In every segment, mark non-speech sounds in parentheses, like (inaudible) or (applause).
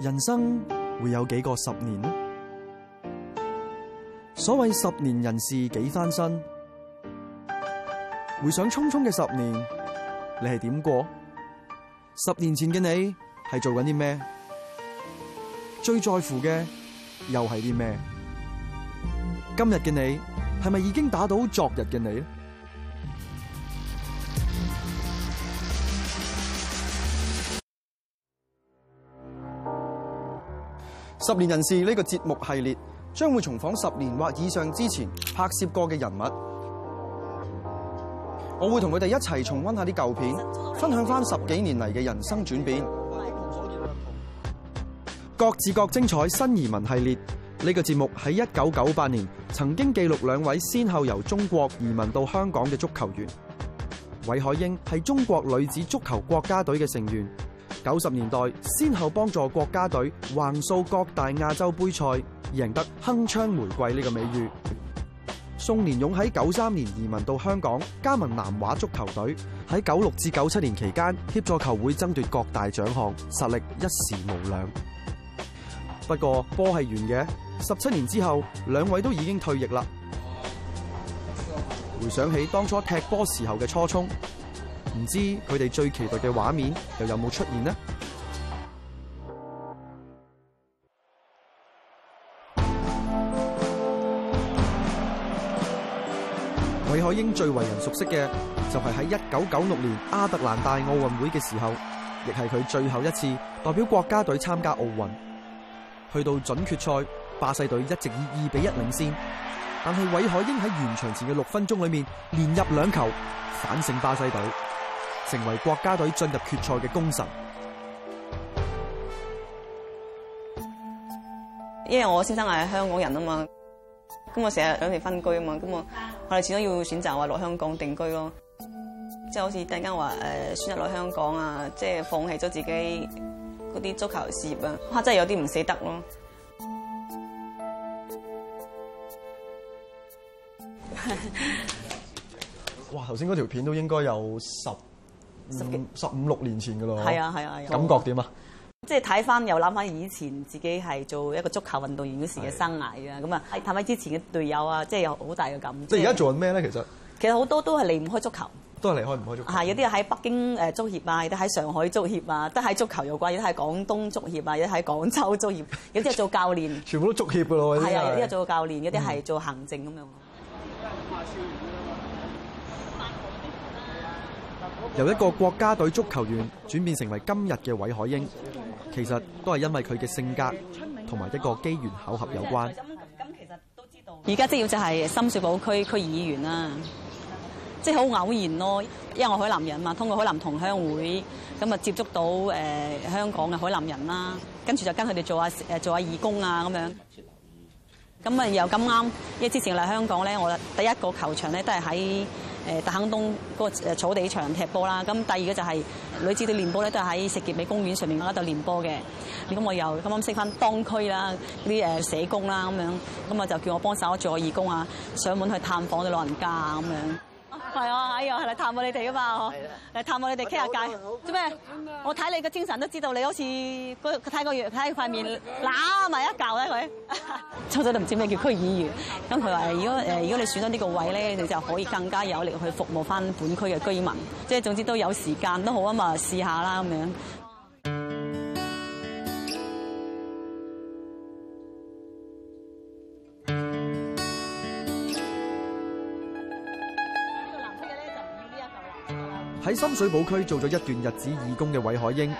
人生會有幾個十年？所謂十年人事幾翻身」，回想匆匆嘅十年，你係點過？十年前嘅你係做緊啲咩？最在乎嘅又係啲咩？今日嘅你係咪已經打倒昨日嘅你咧？十年人事呢個節目系列將會重訪十年或以上之前拍攝過嘅人物，我會同佢哋一齊重溫下啲舊片，分享翻十幾年嚟嘅人生轉變。各自各精彩，新移民系列呢個節目喺一九九八年曾經記錄兩位先後由中國移民到香港嘅足球員，韋海英係中國女子足球國家隊嘅成員。九十年代，先後幫助國家隊橫掃各大亞洲杯賽，贏得鏗鏘玫瑰呢個美譽。宋連勇喺九三年移民到香港，加盟南華足球隊。喺九六至九七年期間，協助球會爭奪各大獎項，實力一時無兩。不過，波係圓嘅。十七年之後，兩位都已經退役啦。回想起當初踢波時候嘅初衷。唔知佢哋最期待嘅畫面又有冇出現呢？韋海英最為人熟悉嘅就係喺一九九六年亞特蘭大奧運會嘅時候，亦係佢最後一次代表國家隊參加奧運。去到準決賽，巴西隊一直以二比一領先，但係韋海英喺完場前嘅六分鐘裏面連入兩球，反勝巴西隊。成為國家隊進入決賽嘅功臣，因為我先生係香港人啊嘛，咁我成日兩地分居啊嘛，咁我我哋始終要選擇話落香港定居咯，即係好似突然間話誒選擇落香港啊，即係放棄咗自己嗰啲足球事業啊，哇真係有啲唔捨得咯 (laughs) 。哇，頭先嗰條片都應該有十。十幾十五六年前嘅咯。係啊係啊係啊，感覺點啊？即係睇翻又諗翻以前自己係做一個足球運動員嗰時嘅生涯啊，咁啊，睇翻之前嘅隊友啊，即係有好大嘅感。即係而家做緊咩咧？其實其實好多都係離唔開足球，都係離開唔開足球。係有啲喺北京誒足協啊，有啲喺上海足協啊，都係足球有關；有啲喺廣東足協啊，有啲喺廣州足協，有啲係做教練， (laughs) 全部都足協嘅咯。係啊，有啲係做教練，有啲係做行政咁樣。嗯由一個國家隊足球員轉變成為今日嘅韋海英，其實都係因為佢嘅性格同埋一個機緣巧合有關。而家職業就係深水埗區區議員啦，即係好偶然咯，因為我海南人嘛，通過海南同鄉會咁啊接觸到誒香港嘅海南人啦，跟住就跟佢哋做下誒做下義工啊咁樣。咁啊又咁啱，因為之前嚟香港咧，我第一個球場咧都係喺。誒大坑東嗰個草地場踢波啦，咁第二個就係，是，女子隊練波咧，都喺石硤尾公園上面嗰度練波嘅。咁我又啱啱升翻當區啦，啲誒社工啦咁樣，咁啊就叫我幫手做下義工啊，上門去探訪啲老人家啊咁樣。係啊！哎呀，係啦，探望你哋噶嘛，嗬，嚟探望你哋傾下偈。做咩？我睇你個精神都知道，你好似睇個睇塊面嗱埋一嚿咧。佢初初都唔知咩叫區議員。咁佢話：如果誒，如果你選咗呢個位咧，你就可以更加有力去服務翻本區嘅居民。即係總之都有時間都好啊嘛，試下啦咁樣。喺深水埗區做咗一段日子義工嘅韋海英，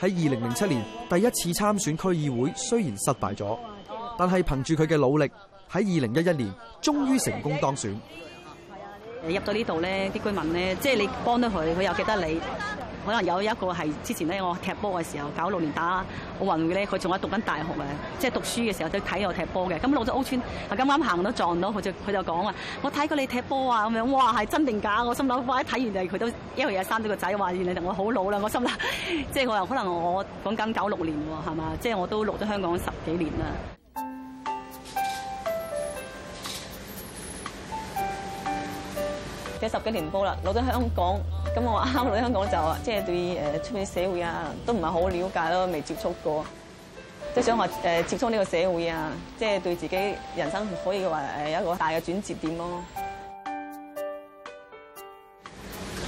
喺二零零七年第一次參選區議會，雖然失敗咗，但係憑住佢嘅努力，喺二零一一年終於成功當選，係啊。入到呢度咧，啲居民咧，即係你幫得佢，佢又記得你。可能有一個係之前咧，我踢波嘅時候九六年打奧運會咧，佢仲喺讀緊大學啊，即係讀書嘅時候都睇我踢波嘅。咁老咗屋村，啊咁啱行到撞到佢就佢就講啊，我睇過你踢波啊咁樣，哇係真定假？我心諗，哇一睇完嚟佢都因為又生咗個仔，話原來同我好老啦。我心諗，即係我又可能我講緊九六年喎，係嘛？即係我都落咗香港十幾年啦。即係十幾年冇啦，攞咗香港，咁我話啱攞香港就話，即係對誒出面社會啊，都唔係好了解咯，未接觸過，即係想話誒接觸呢個社會啊，即係對自己人生可以話有一個大嘅轉折點咯。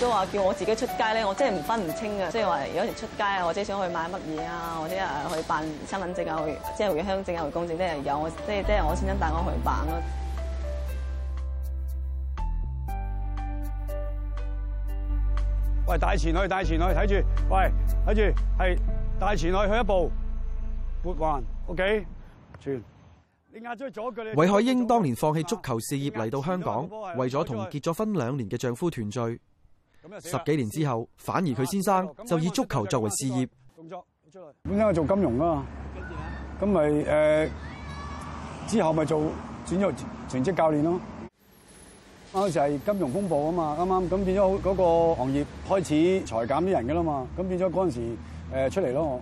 都話叫我自己出街咧，我真係唔分唔清嘅，即係話有時出街啊，或者想去買乜嘢啊，或者誒去辦身份證啊，去即係回鄉證啊，回公證都係有，即係即係我先生帶我去辦咯。喂，大前去，大前去，睇住，喂，睇住，係大前去，去一步，撥環，OK，全。你壓衰咗佢。你。韋海英當年放棄足球事業嚟到香港，為咗同結咗婚兩年嘅丈夫團聚。咁十幾年之後，反而佢先生就以足球作為事業。動作，本身我做金融啊嘛，咁咪誒之後咪做轉咗全職教練咯、啊。嗰陣時係金融風暴啊嘛，啱啱咁變咗嗰個行業開始裁減啲人嘅啦嘛，咁變咗嗰陣時、呃、出嚟咯，我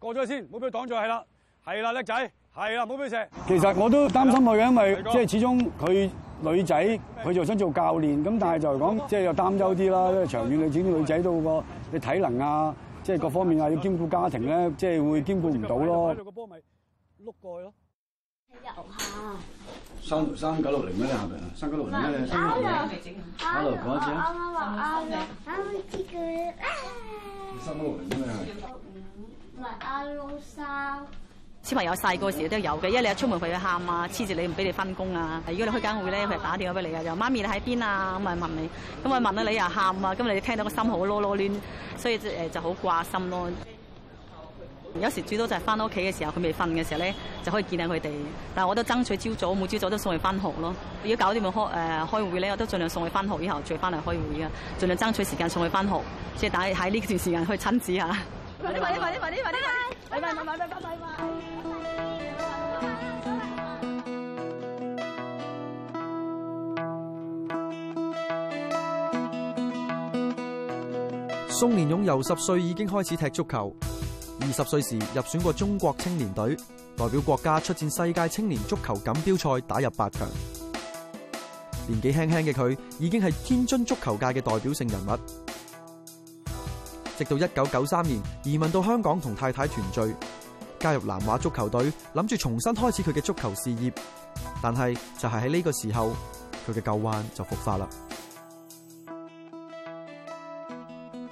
過咗先，唔好俾佢擋咗係啦，係啦，叻仔，係啦，唔好俾佢食。其實我都擔心佢嘅，因為即係始終佢女仔，佢就想做教練，咁但係就係講即係又擔憂啲啦，因為長遠嚟講，女仔都個你體能啊，即係各方面啊，要兼顧家庭咧，即係會兼顧唔到咯。個波咪碌過去咯。樓下三三九六零咩你下邊？三九六零咩你？三九六零。三九六零啊？啊啊啊啊啊啊啊三六阿，啊、六、啊、三六。啊三六啊啊、小朋友細個時都有嘅，因為你一出門佢要喊啊，黐住你唔俾你翻工啊。如果你開間會咧，佢係打電話俾你啊，就媽咪你喺邊啊咁啊問你。咁啊問到你，你又喊啊，咁你聽到個心好囉囉亂，所以誒就好掛心咯。有時最多就係翻屋企嘅時候，佢未瞓嘅時候咧，就可以見下佢哋。但係我都爭取朝早，每朝早都送佢翻學咯。如果搞掂咁開誒開會咧，我都盡量送佢翻學，以後再翻嚟開會啊。盡量爭取時間送佢翻學，即係大家喺呢段時間去親子吓。快啲快啲快啲快啲快啲快啲！拜拜拜拜拜拜拜拜。宋連勇由十歲已經開始踢足球。massage 二十歲時入選過中國青年隊，代表國家出戰世界青年足球錦標賽，打入八強。年紀輕輕嘅佢已經係天津足球界嘅代表性人物。直到一九九三年移民到香港，同太太團聚，加入南華足球隊，諗住重新開始佢嘅足球事業。但係就係喺呢個時候，佢嘅舊患就復發啦。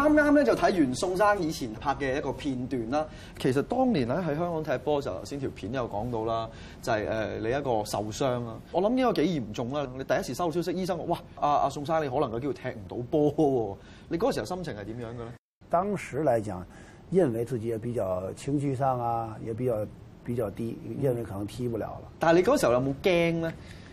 啱啱咧就睇完宋生以前拍嘅一個片段啦，其實當年咧喺香港踢波嘅時候，頭先條片有講到啦，就係、是、誒你一個受傷啊，我諗呢個幾嚴重啊，你第一時收到消息，醫生話：哇，阿、啊、阿宋生你可能有機會踢唔到波喎，你嗰時候心情係點樣嘅咧？當時嚟講，認為自己也比較情緒上啊，也比較比較低，認為可能踢不了了。嗯、但係你嗰時候有冇驚咧？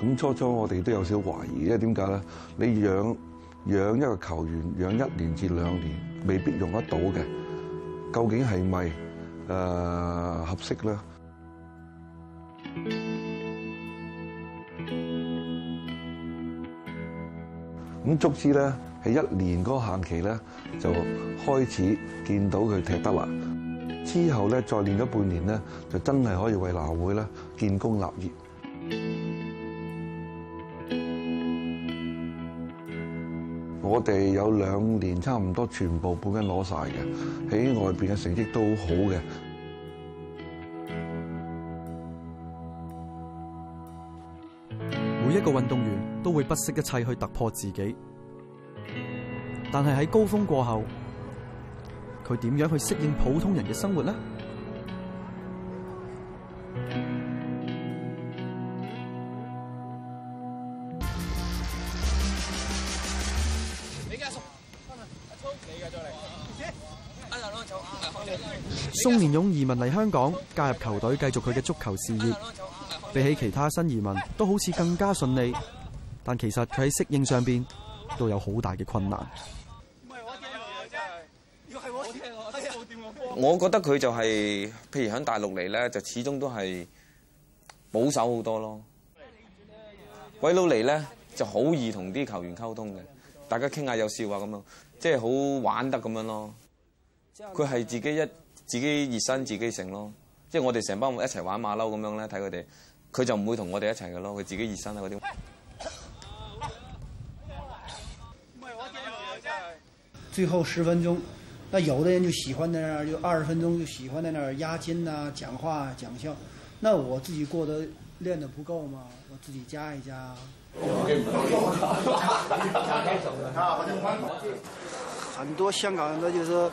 咁初初我哋都有少少懷疑，因為點解咧？你養養一個球員，養一年至兩年，未必用得到嘅，究竟係咪誒合適咧？咁足之咧，喺 (music) 一年嗰個限期咧，就開始見到佢踢得啦。之後咧，再練咗半年咧，就真係可以為南華會咧建功立業。我哋有兩年差唔多全部本金攞晒嘅，喺外面嘅成績都好嘅。每一個運動員都會不惜一切去突破自己，但係喺高峰過後，佢點樣去適應普通人嘅生活呢？宋連勇移民嚟香港，加入球隊繼續佢嘅足球事業。比起其他新移民，都好似更加順利，但其實佢喺適應上邊都有好大嘅困難。我覺得佢就係、是，譬如喺大陸嚟呢，就始終都係保守好多咯。鬼佬嚟呢，就好易同啲球員溝通嘅，大家傾下有笑話咁樣，即係好玩得咁樣咯。佢係自己一自己熱身自己成咯，即係我哋成班一齊玩馬騮咁樣咧，睇佢哋，佢就唔會同我哋一齊嘅咯，佢自己熱身啊嗰啲。最後十分鐘，那有的人就喜歡在那兒，就二十分鐘就喜歡在那兒壓金啊，講話、啊、講笑。那我自己過得練得不夠嘛。我自己加一加。 (laughs) 很多香港人，都，就是說。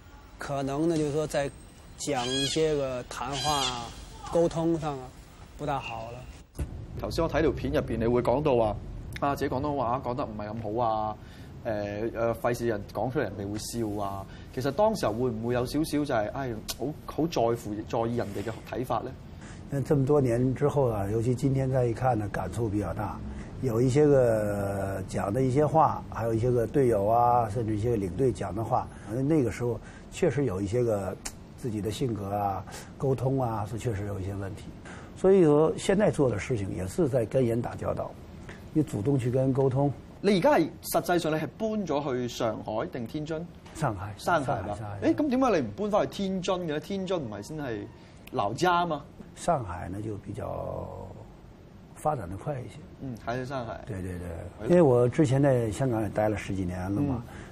可能呢，就是說在講一些個談話溝通上啊，不大好了。頭先我睇條片入邊，你會講到話啊，自己廣東話講得唔係咁好啊，誒、呃、誒，費、呃、事人講出嚟人哋會笑啊。其實當時候會唔會有少少就係、是，哎，好好在乎在意人哋嘅睇法咧？咁這麼多年之後啊，尤其今天再一看呢，感觸比較大。有一些個講的一些話，還有一些個隊友啊，甚至一些領隊講的話，那個時候。確實有一些個自己的性格啊、溝通啊，是確實有一些問題。所以說，現在做的事情也是在跟人打交道，要主動去跟人溝通。你而家係實際上你係搬咗去上海定天津？上海，上海啦。哎，咁點解你唔搬返去天津嘅？天津唔係先係老家嘛？上海呢就比較發展得快一些。嗯，是上海。對對對，對，因為我之前在香港也待了十幾年了嘛。嗯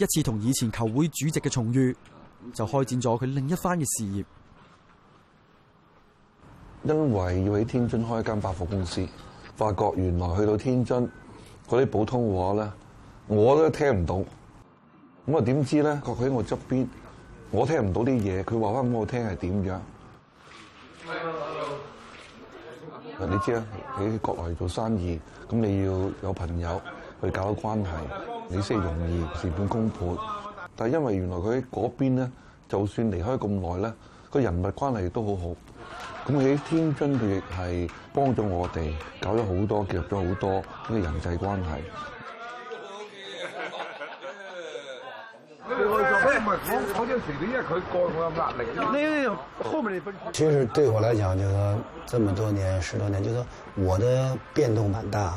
一次同以前球會主席嘅重遇，就開展咗佢另一番嘅事業。因為要喺天津開一間百貨公司，發覺原來去到天津嗰啲普通話咧，我都聽唔到。咁啊，點知咧？佢喺我側邊，我聽唔到啲嘢，佢話翻俾我聽係點樣？Hello. 你知啊？喺國內做生意，咁你要有朋友去搞關係。你先容易事半功倍，但係因為原來佢喺嗰邊咧，就算離開咁耐咧，個人脈關係都好好。咁喺天津佢亦係幫咗我哋搞咗好多，建立咗好多呢個人際關係。其實對我來講就說、是、這麼多年、十多年，就是我的變動蠻大。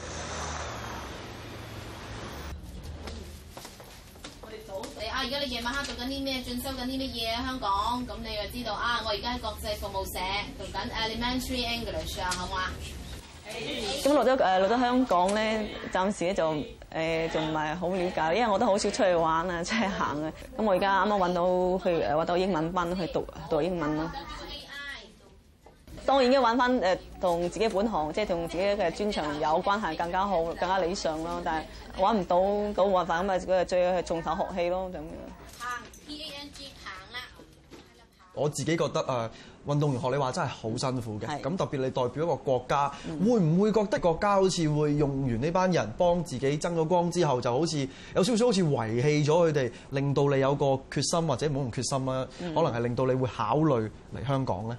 而家你夜晚黑做緊啲咩？進修緊啲乜嘢？香港，咁你又知道啊？我而家喺國際服務社讀緊 Elementary English 啊，好唔好啊？咁落咗誒落咗香港咧，暫時咧就誒仲唔係好了解，因為我都好少出去玩啊，出去行啊。咁我而家啱啱揾到去誒揾到英文班去讀讀英文咯。當然已經揾翻誒同自己本行，即係同自己嘅專長有關係，更加好、更加理想咯。但係揾唔到都冇辦法，咁咪最好係重頭學戲咯咁。P N G 排啦，我自己覺得啊、呃，運動員學你話真係好辛苦嘅。咁特別你代表一個國家，嗯、會唔會覺得國家好似會用完呢班人幫自己爭咗光之後，就好似有少少好似遺棄咗佢哋，令到你有個決心或者唔好用決心啦、嗯？可能係令到你會考慮嚟香港咧。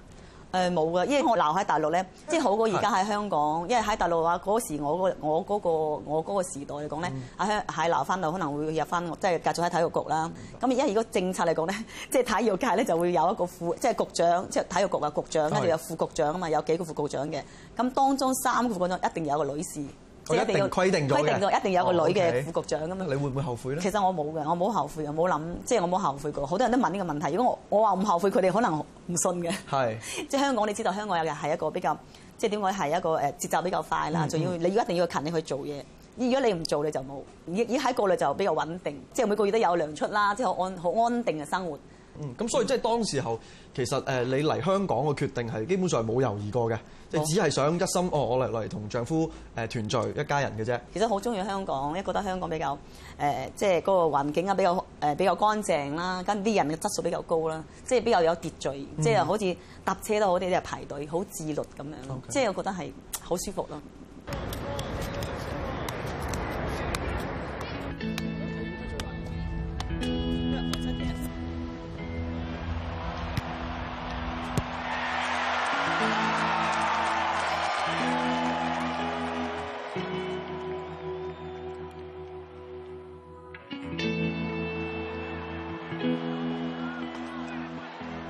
誒冇㗎，因為我留喺大陸咧，即係好過而家喺香港。因為喺大陸話，嗰時我我嗰、嗰個我嗰個時代嚟講咧，喺、嗯、留翻度可能會入翻，即係隔咗喺體育局啦。咁而家如果政策嚟講咧，即係體育界咧就會有一個副，即係局長，即係體育局嘅局長，跟住有副局長啊嘛，有幾個副局長嘅。咁當中三個副局長一定有一個女士。佢一定要一定規定，規定咗一定有一個女嘅副局長咁樣。Oh, okay. 你會唔會後悔咧？其實我冇嘅，我冇後悔嘅，冇諗，即係我冇後悔過。好多人都問呢個問題，如果我我話唔後悔，佢哋可能唔信嘅。係，即係香港你知道，香港有又係一個比較，即係點講係一個誒節奏比較快啦，仲要你要一定要勤力去做嘢。如果你唔做你就冇。以以喺過嚟就比較穩定，即係每個月都有糧出啦，即係好安好安定嘅生活。嗯，咁所以即係當時候其、oh. 哦呃，其實誒你嚟香港嘅決定係基本上冇猶豫過嘅，即係只係想一心哦，我嚟嚟同丈夫誒團聚一家人嘅啫。其實好中意香港，一覺得香港比較誒，即係嗰個環境啊比較誒、呃、比較乾淨啦，跟啲人嘅質素比較高啦，即、就、係、是、比較有秩序，即、mm. 係好似搭車都好，啲人排隊好自律咁樣，即、okay. 係我覺得係好舒服咯。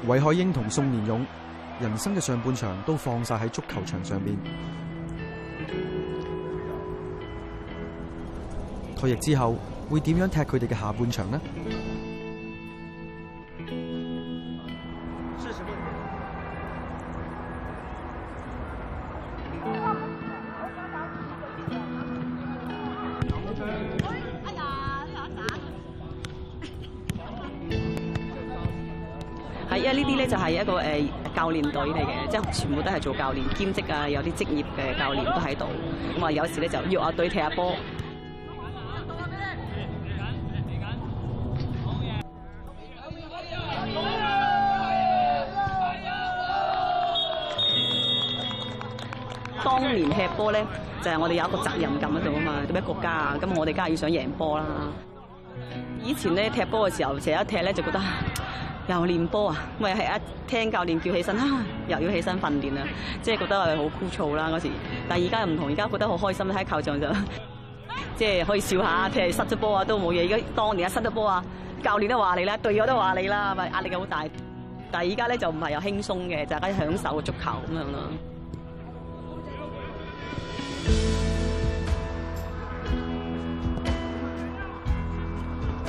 韋海英同宋連勇，人生嘅上半場都放晒喺足球場上面。退役之後會點樣踢佢哋嘅下半場呢？呢啲咧就係一個誒教練隊嚟嘅，即係全部都係做教練兼職啊，有啲職業嘅教練都喺度。咁啊，有時咧就約阿隊踢下波。當年踢波咧，就係、是、我哋有一個責任感喺度啊嘛，做咩國家啊？咁我哋梗係要想贏波啦。以前咧踢波嘅時候，成日一踢咧就覺得。又練波啊！咪係一聽教練叫起身啊，又要起身訓練啦，即係覺得係好枯燥啦嗰時。但係而家又唔同，而家覺得好開心，喺球場上，即係可以笑下，即係失咗波啊都冇嘢。而家當年一失咗波啊，教練都話你咧，隊友都話你啦，咪壓力好大。但係而家咧就唔係有輕鬆嘅，就係喺享受個足球咁樣咯。